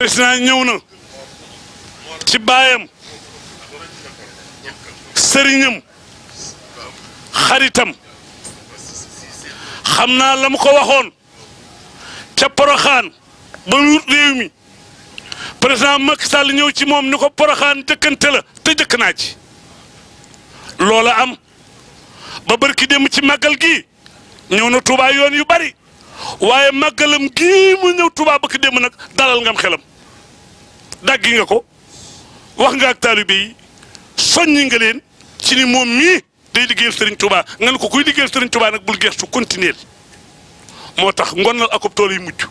président ñëw na ci baayam sëriñam xaritam xam naa la mu ko waxoon ca poroxaan ba wut réew mi président Macky Sall ñëw ci moom ni ko poroxaan jëkkante la te jëkk naa ci loola am ba ki dem ci màggal gi ñëw na Touba yoon yu bari waaye màggalam gii mu ñëw ba bëkk démb nag dalal ngam xelam daggi nga ko wax nga ak taalibe yi soññi nga leen ci ni moom mii day liggéey sëriñ Touba nga ne ko kuy liggéey Serigne Touba nag bul gestu continuer moo tax ngoon ngonal akub tool yi mujj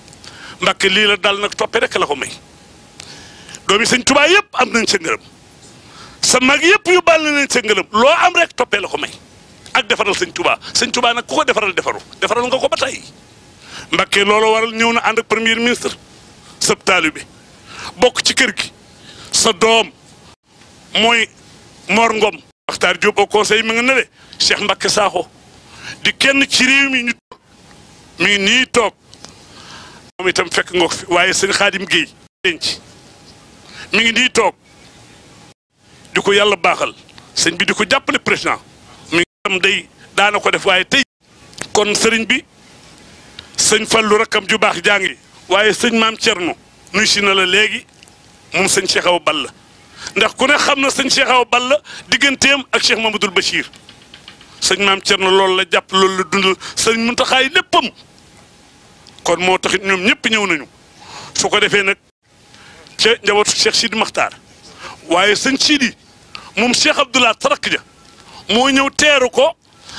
Mbàkke lii la dal nag toppe rek la ko may doomi Sëñ Touba yëpp am nañ sa sa mag yëpp yu bal nañ sa loo am rek toppee la ko may ak defaral Sëñ tubaa Sëñ Touba nag ku ko defaral defaru defaral nga ko ba tey Mbakke loolu waral ñëw na ànd ak premier ministre sab bi bokk ci kër gi sa doom mooy Mor Ngom Maxtaar Diop au conseil mi nga ne de Cheikh Mbakke Sakho di kenn ci réew mi ñu nii toog moom itam fekk nga ko fi waaye sëñ Xaadim Géey denc mi ngi nii toog di ko yàlla baaxal sëñ bi di ko jàppale président mi ngi itam day daana ko def waaye tey kon sëriñ bi sëñ Fallou rakkam ju baax jaa waaye sëñ maam Thierno nuy si na la léegi moom sëñ Cheikh Balla ndax ku ne xam na sëñ Cheikh Awa Balla digganteem ak Cheikh Mamadou Bachir sëñ maam Thierno loolu la jàpp loolu la dundal sëñ Muntaxa léppam kon moo taxit ñoom ñëpp ñëw nañu su ko defee nag njabootu Cheikh Sidi waaye sëñ Sidi moom Cheikh Abdoulaye Tarak ja moo ñëw teeru ko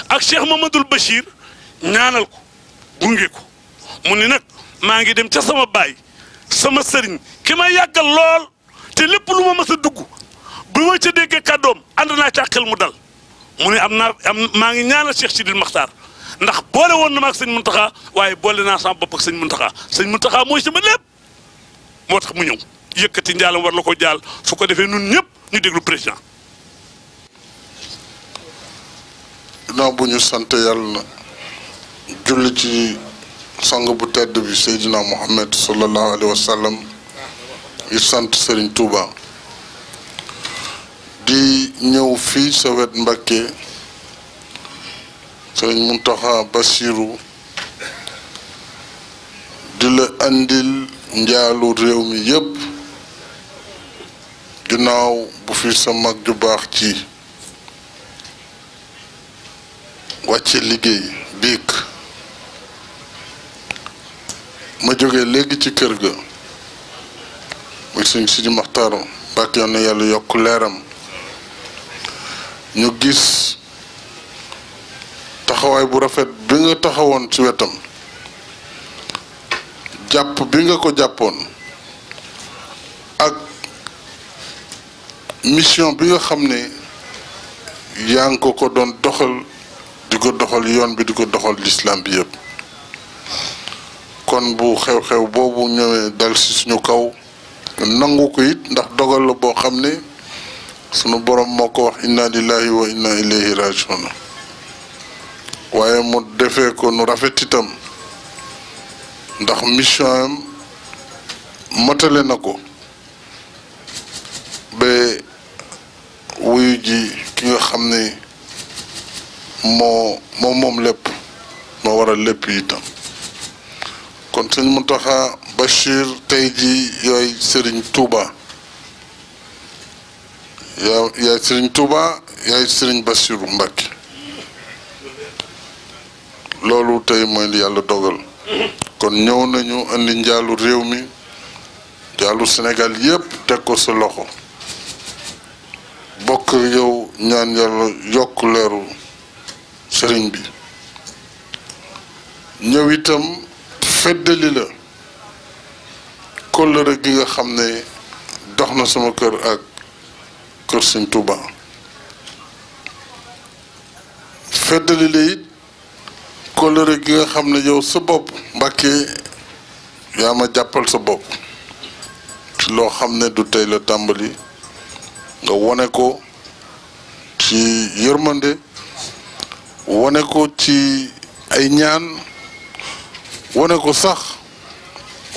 ak Cheikh Mamadou bashir ñaanal ko gunge ko. mu ni nag maa ngi dem ca sama baay sama sëriñ ki may yàggal lool te lépp lu ma masa dugg bu ma ca déggee kàddoom ànd naa ca xel mu dal mu ne am na am maa ngi ñaanal Cheikh Sidil Maxtaar ndax boole woon na ma ak sëñ Muntaxa waaye boole naa sama sëñ Muntaxa sëñ Muntaxa mooy sama lépp moo tax mu ñëw yëkkati njaalam war la ko jaal su ko defee nun ñëpp ñu déglu président. non bu ñu sant yàlla julli ci. sang bu tedd bi Seydina Muhammad sallallahu alayhi wa yi sant Serigne Touba di ñëw fii sa wet Mbakke Serigne Mountakha Bassirou di la andil njaalu réew mi yépp ginnaaw bu fi sa mag ju baax ci wàcce liggéey biik ma jógee léegi ci kër ga muy suñ Sidi Maxtaar bàkk yoon na yàlla yokk leeram ñu gis taxawaay bu rafet bi nga taxawoon ci wetam jàpp bi nga ko jàppoon ak mission bi nga xam ne yaa ngi ko doon doxal di ko doxal yoon bi di ko doxal lislaam bi yëpp kon bu xew-xew boobu ñëwee dal ci suñu kaw nangu ko ndax dogal la boo xam ne sunu borom moo ko wax na lillahi wa inna ilayhi rajiun waaye mu defee ko nu rafet itam ndax mission am matale na ko ba wuyu ji ki nga xam ne moo moo moom lépp moo waral lépp itam sëñ Mountakha Bachir tey ji yooy sëriñ Touba yaa yaay sëriñ Touba yaay sëriñ Bachiru Mbàkke loolu tey mooy yàlla dogal kon ñëw nañu indi njaalu réew mi njaalu Sénégal yépp teg ko sa loxo bokk yow ñaan yàlla yokk leeru sëriñ bi ñëw itam feddali la kóllëre gi nga xam ne dox na sama kër ak kër Sëñ Tuuba feddali la it kóllëre gi nga xam ne yow sa bopp Mbàkke yaa ma jàppal sa bopp ci loo xam ne du tey la tàmbali nga wone ko ci yërmande wone ko ci ay ñaan wane ko sax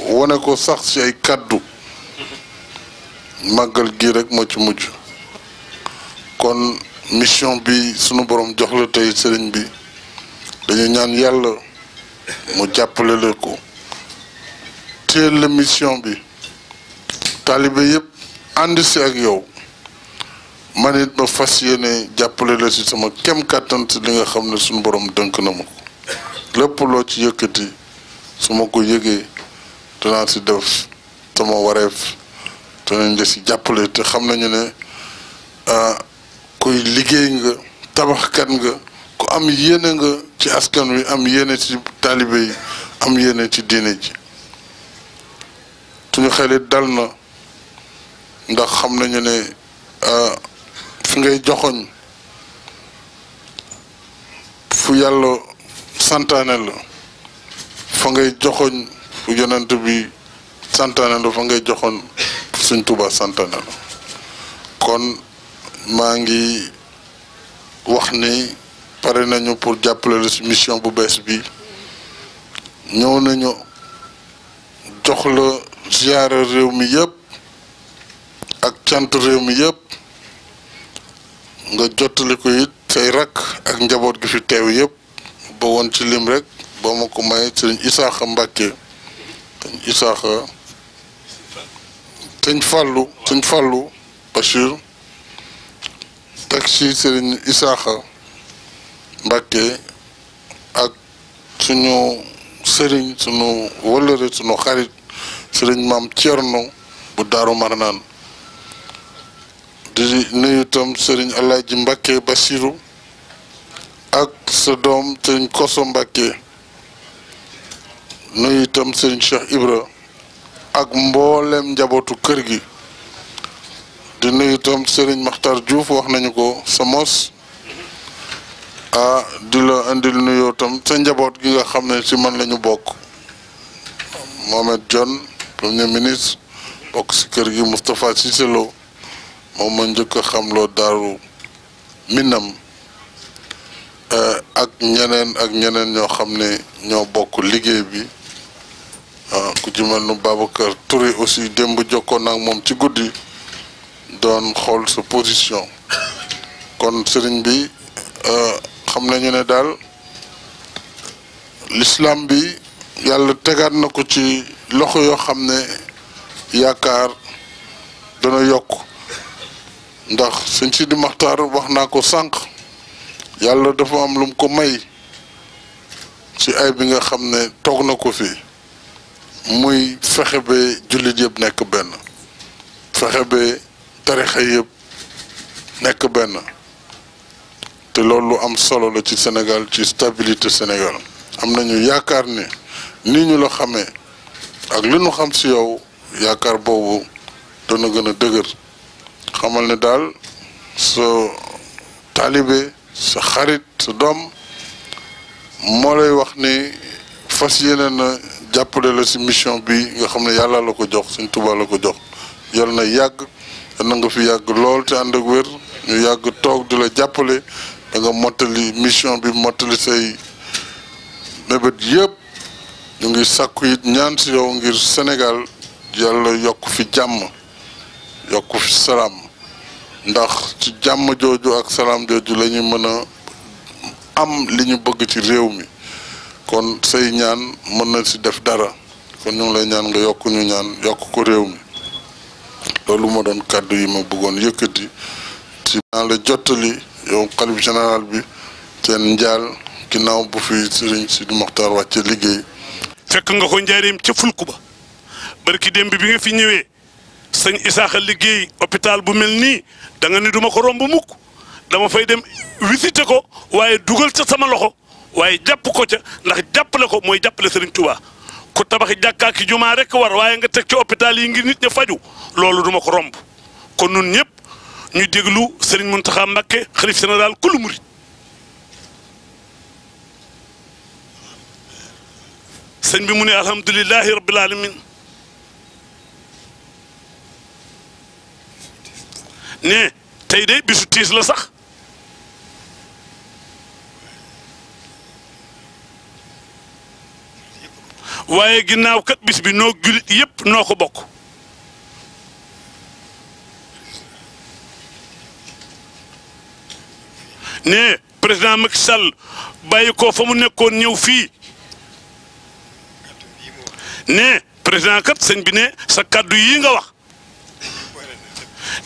wane ko sax ci ay kàddu màggal gi rekk moo ci mujj kon mission bi sunu borom jox la tey sëriñ bi dañu ñaan yàlla mu jàppale la ko téel mission bi taalibe yëpp ànd si ak yow man it ma fas yéene jàppale la si sama kem kàttan si li nga xam ne sunu borom dënk na ma ko lépp loo ci yëkkati suma ma ko yëgee danaa si def sama wareef danañ la si jàppale te xam nañu ne ah, kuy liggéey nga tabaxkat nga ku am yéene nga ci askan wi am yéene ci taalibe yi am yéene ci diine ji suñu xel it dal na ndax xam nañu ne ah, fi ngay joxoñ fu yàlla santaane la fa ngay joxoñ yonant bi santaane fa ngay joxoon suñ Tuubaa santaane kon maa ngi wax ni pare nañu pour jàppale si mission bu bees bi ñëw nañu jox la ziyaara réew mi yëpp ak cant réew mi yëpp nga jottali it say rakk ak njaboot gi fi teew yëpp ba woon ci lim rek boo ma ko may sëñ Isaaxa Mbàkke sëñ Isaaxa sëñ Fàllu sëñ Fàllu Bachir Isaaxa Mbàkke ak suñu sëriñ suñu wëllëre suñu xarit sëriñ maam Cerno bu Daaru Marnaan di nuyu itam sëriñ Alaaji Mbàkke Basiru ak sa doom sëriñ Koso Mbàkke nuyu itam sëriñ Cheikh Ibra ak mboolem njabootu kër gi di nuyu itam sëriñ Makhtar Diouf wax nañu ko sa mos ah di la indil nuyoo tam sa njaboot gi nga xam ne ci man la bokk Mohamed Dionne premier ministre bokk ci kër gi Moustapha Cissé Lo moom ma njëkk a xamloo daaru minam eh, ak ñeneen ak ñeneen ñoo xam ne ñoo bokk liggéey bi Ah, ku ci mel nu Babacar Touré aussi démb jokkoon ak moom ci guddi doon xool sa position kon sëriñ bi ah, xam nañu ne daal l'islam bi yàlla tegaat na ko ci loxo yoo xam ne yaakaar dana yokk ndax sëñ Sidi Maxtaar wax naa ko sànq yàlla dafa am lum ko may ci ay bi nga xam ne toog na ko fi muy fexe ba jullit yëpp nekk benn fexe ba tarixa yëpp nekk benn te loolu am solo la ci Sénégal ci stabilité Sénégal am nañu yaakaar ni nii ñu la xamee ak lu ñu xam si yow yaakaar boobu dana gën a dëgër xamal ne daal sa taalibe sa xarit sa doom moo lay wax ni fas yéene na jàppale la si mission bi nga xam ne yàlla la ko jox suñ Tuubaa la ko jox yal na yàgg na nga fi yàgg lool te ànd ak wér ñu yàgg toog di la jàppale da nga mottali mission bi mottali say mébét yëpp ñu ngi sàkku it ñaan si yow ngir Sénégal yàlla yokk fi jàmm yokk fi salaam ndax ci jàmm jooju ak salaam jooju la ñu mën a am li ñu bëgg ci réew mi kon say ñaan mën na si def dara kon ñu lay ñaan nga yokku ñu ñaan yokk ko réew mi loolu ma doon kàddu yi ma bëggoon yëkkati ci naa la jottali yow xalif général bi seen njaal ginnaaw bu fi si Sidi Moxtaar wàcce liggéey fekk nga ko njaareem ca fulku ba ki démb bi nga fi ñëwee sëñ Isaaxa liggéey hôpital bu mel nii da nga ni duma ko romb mukk dama fay dem visiter ko waaye dugal ca sama loxo waaye jàpp ko ca ndax jàppale ko mooy jàppale Serigne Touba ko tabaxi jàkkaa ki jumaa rek war waaye nga teg ci hôpital yi ngir nit ña faju loolu duma ko romb kon nun ñëpp ñu déglu Serigne Mountakha Mbacké xalif général kulu murit sëñ bi mu ne alhamdulilahi rabbil alamin ne tey de bisu tiis la sax waaye ginnaaw kat bis bi noo julit yépp noo ko bokk ne président Macky Sall bàyyi ko fa mu nekkoon ñëw fii ne président kat sëñ bi ne sa kàddu yi nga wax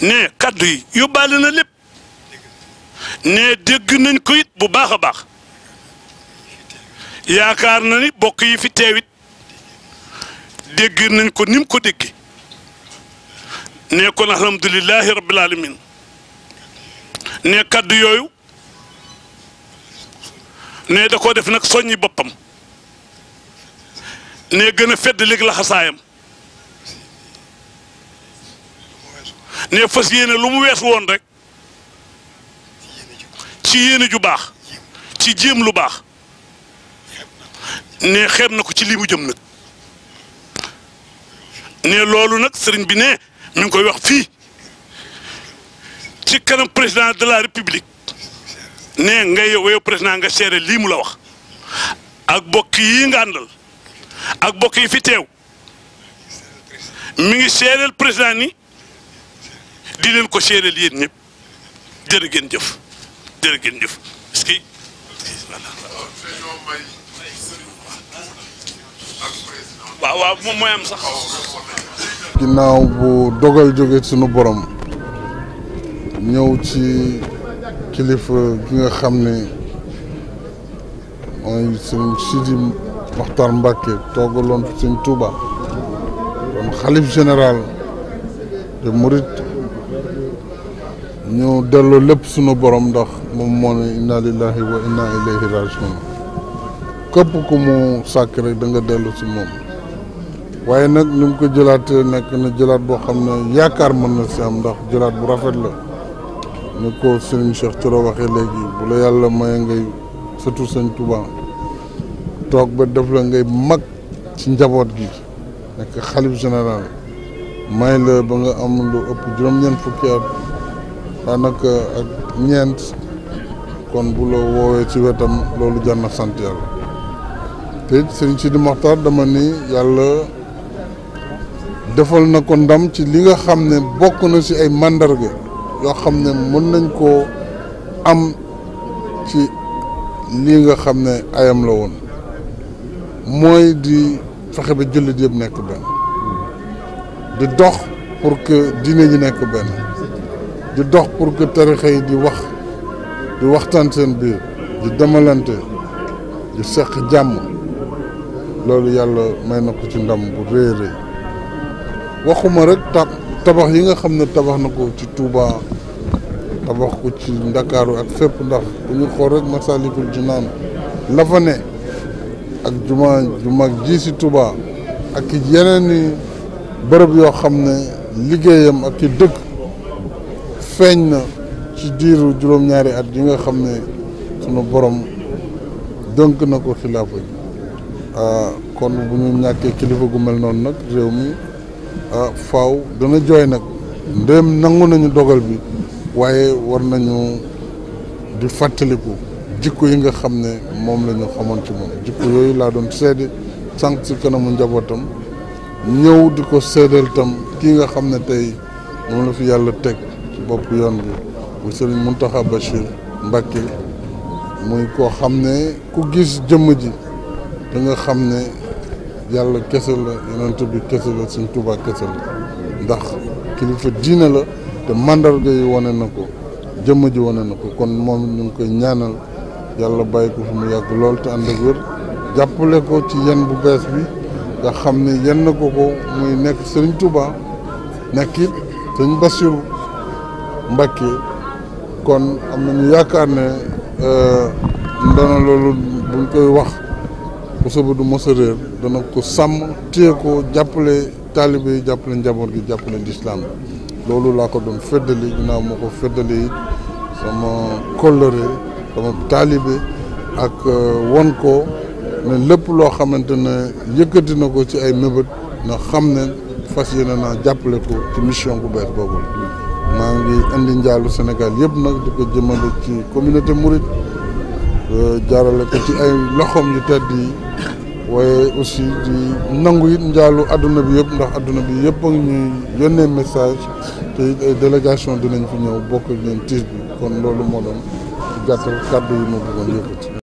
ne kàddu yi yóbbaale na lépp ne dégg nañ ko bu baax a baax yaakaar na ni bokk yi fi teewit dégg nañ ko ni ko dégg ne kon alhamdulilahi rabbil alamin ne kaddu yooyu ne da koo def nag soññi boppam ne gën a fedd léegi laxasaayam ne fas yéene lu mu wees woon rek ci yéene ju baax ci jéem lu baax ne xeeb na ko ci lii mu jëm nag ne loolu nag sëriñ bi ne mi ngi koy wax fii ci kanam président de la république ne ngay yow président nga seere lii mu la wax ak bokk yi nga ak bokk yi fi teew mu ngi seereel président ni di ko seereel yéen ñëpp jërë ngeen jëf jërë ngeen jëf waaw ginnaaw bu dogal jóge sunu borom ñëw ci kilifa gi nga xam ne mooy sëñ Sidi Mokhtar Mbacke toogaloon sëñ Touba kon xalif général de Mouride ñu delloo lépp sunu borom ndax moom moo ne inna lillahi wa inna ilayhi rajiun képp ku mu sàkk rek da nga dellu si moom. waaye nag ñu ko jëlaat nekk na jëlaat boo xam ne yaakaar mën na si am ndax jëlaat bu rafet la ni ko Serigne Cheikh Thioro waxee léegi bu la yàlla maye ngay surtout Sëñ Touba toog ba def la ngay mag ci njaboot gi nekk xalif général may la ba nga am lu ëpp juróom-ñeent fukki at daanaka ak ñeent kon bu la woowee ci wetam loolu jar na sant yàlla te Serigne Sidi Mokhtar dama ni yàlla defal na ko ndam ci li nga xam ne bokk na ci ay màndarga yoo xam ne mën nañ koo am ci lii nga xam ne ayam la woon mooy di fexe ba jullit yëpp nekk benn di dox pour que diine ji nekk benn di dox pour que tarixa yi di wax di waxtaan seen biir di demalante di seq jàmm loolu yàlla may na ko ci ndam bu rëy rëy waxuma rek ta tabax yi nga xam ne tabax na ko ci Touba tabax ko ci Ndakaaru ak fépp ndax bu ñu xool rek Masalikul Jinaan la fa ak juma ju mag ji si Touba ak yeneen bërëb yoo xam ne liggéeyam ak i dëkk feeñ na ci diiru juróom-ñaari at yi nga xam ne sunu borom dënk na ko xilaafa yi ah, kon bu ñu ñàkkee kilifa gu mel noonu nag réew mi Ah, faaw dana jooy nag ndéem nangu nañu dogal bi waaye war nañu di fàttaliku jikko yi nga xam ne moom la ñu xamoon ci moom jikko yooyu laa doon sedd sànq ci kanamu njabootam ñëw di ko seedeel tam kii nga xam ne tey moom la fi yàlla teg ci bopp yoon bi bu Serigne Mountakha Bachir Mbacké muy koo xam ne ku gis jëmm ji da xam ne yàlla kese la yonent bi kese la suñ Tuubaa kese la ndax kilifa diine la te mandarga yi wane na ko jëmm ji wane na ko kon moom ñu ngi koy ñaanal yàlla bàyyi ko fu mu yàgg lool te ànd ak wér jàppale ko ci yen bu bees bi nga xam ne yen na ko ko muy nekk sëriñ Tuubaa nekk it sëriñ Basiru Mbàkke kon am nañu yaakaar ne ndana euh, loolu buñ koy wax Moussaba du mos a réer dana ko sàmm téye ko jàppale taalibe yi jàppale njaboot gi jàppale lislaam loolu laa ko doon feddali ginnaaw moo ko feddali sama kóllëre sama taalibe ak euh, won ko ne lépp loo xamante ne na ko ci ay mébét na xam ne fas yéene naa jàppale ko ci mission bu bees boobu maa ngi indi njaalu Sénégal yëpp nag di ko jëmale ci communauté mouride Euh, jaarale ko ci ay loxoom yu tedd yi waaye aussi di nangu yit njaalu àdduna bi yëpp ndax àdduna bi yëpp ak ñuy yónnee message te it ay délégation dinañ fi ñëw bokk leen tiis bi kon loolu moo doon gàttal kàddu yi ma bëggoon yëkkati